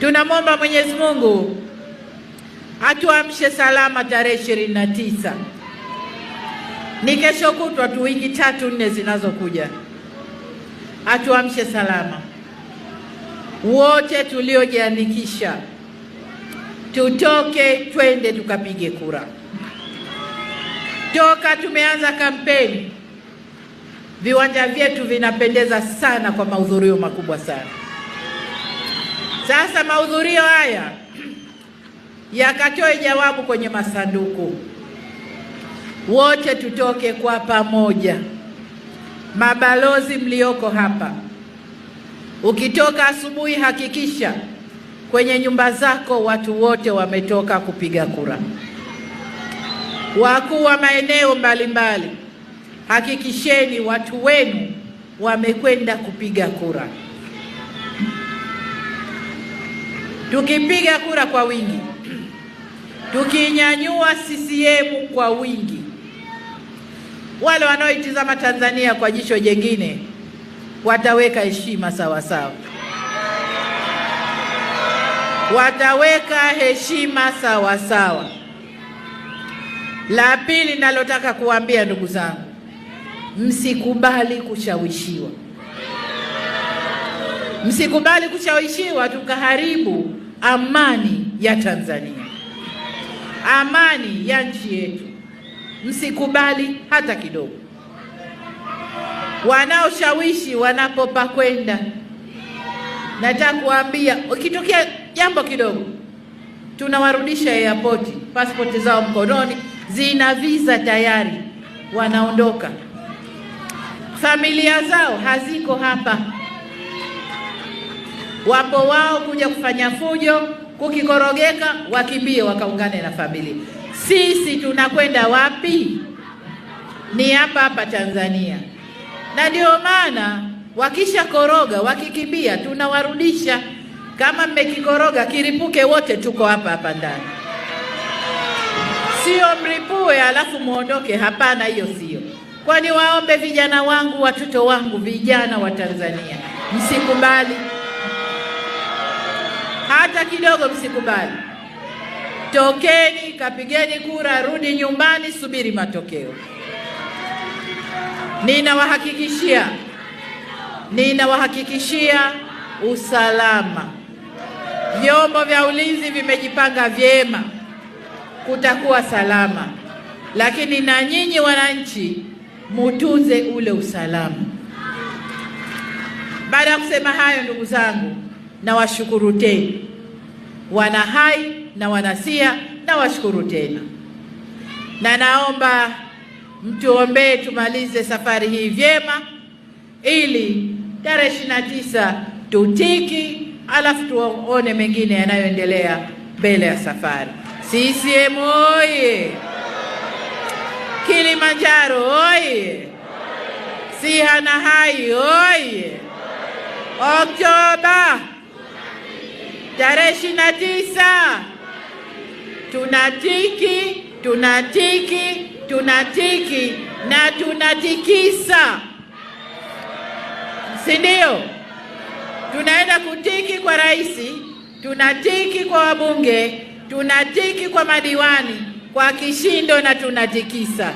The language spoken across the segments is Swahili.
Tunamwomba Mwenyezi Mungu atuamshe salama tarehe ishirini na tisa ni kesho kutwa tu, wiki tatu nne zinazokuja, atuamshe salama. Wote tuliojiandikisha tutoke, twende tukapige kura. Toka tumeanza kampeni, viwanja vyetu vinapendeza sana kwa mahudhurio makubwa sana. Sasa mahudhurio haya yakatoe jawabu kwenye masanduku, wote tutoke kwa pamoja. Mabalozi mlioko hapa, ukitoka asubuhi, hakikisha kwenye nyumba zako watu wote wametoka kupiga kura. Wakuu wa maeneo mbalimbali hakikisheni watu wenu wamekwenda kupiga kura tukipiga kura kwa wingi, tukinyanyua CCM kwa wingi, wale wanaoitizama Tanzania kwa jicho jengine wataweka heshima sawa sawa, wataweka heshima sawa sawa. La pili nalotaka kuwaambia ndugu zangu, msikubali kushawishiwa, msikubali kushawishiwa tukaharibu amani ya Tanzania, amani ya nchi yetu. Msikubali hata kidogo. Wanaoshawishi wanapopa kwenda, nataka kuambia, ukitokea jambo kidogo, tunawarudisha airport, passport zao mkononi, zina visa tayari, wanaondoka. Familia zao haziko hapa wapo wao kuja kufanya fujo, kukikorogeka wakimbie wakaungane na familia. Sisi tunakwenda wapi? Ni hapa hapa Tanzania, na ndio maana wakishakoroga wakikimbia, tunawarudisha. Kama mmekikoroga kiripuke, wote tuko hapa hapa ndani, sio mripue alafu muondoke. Hapana, hiyo sio. Kwani waombe vijana wangu, watoto wangu, vijana wa Tanzania, msikubali hata kidogo, msikubali. Tokeni kapigeni kura, rudi nyumbani, subiri matokeo. Ninawahakikishia, ninawahakikishia usalama. Vyombo vya ulinzi vimejipanga vyema, kutakuwa salama, lakini na nyinyi wananchi mutunze ule usalama. Baada ya kusema hayo, ndugu zangu na washukuru tena, wana Hai na wanasia na washukuru tena, na naomba mtuombee tumalize safari hii vyema, ili tarehe ishirini na tisa tutiki, alafu tuone mengine yanayoendelea mbele ya safari. CCM oye! Kilimanjaro oye! Siha na Hai oye! Oktoba tarehe ishirini na tisa tunatiki tunatiki tunatiki na tunatikisa, si ndio? Tunaenda kutiki kwa rais, tunatiki kwa wabunge, tunatiki kwa madiwani kwa kishindo na tunatikisa.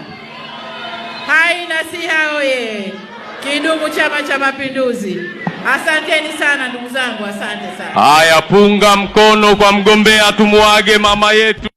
Hai na si hao ye! Kidumu Chama cha Mapinduzi! Asanteni sana ndugu zangu, asante sana. Haya, punga mkono kwa mgombea, tumuage mama yetu.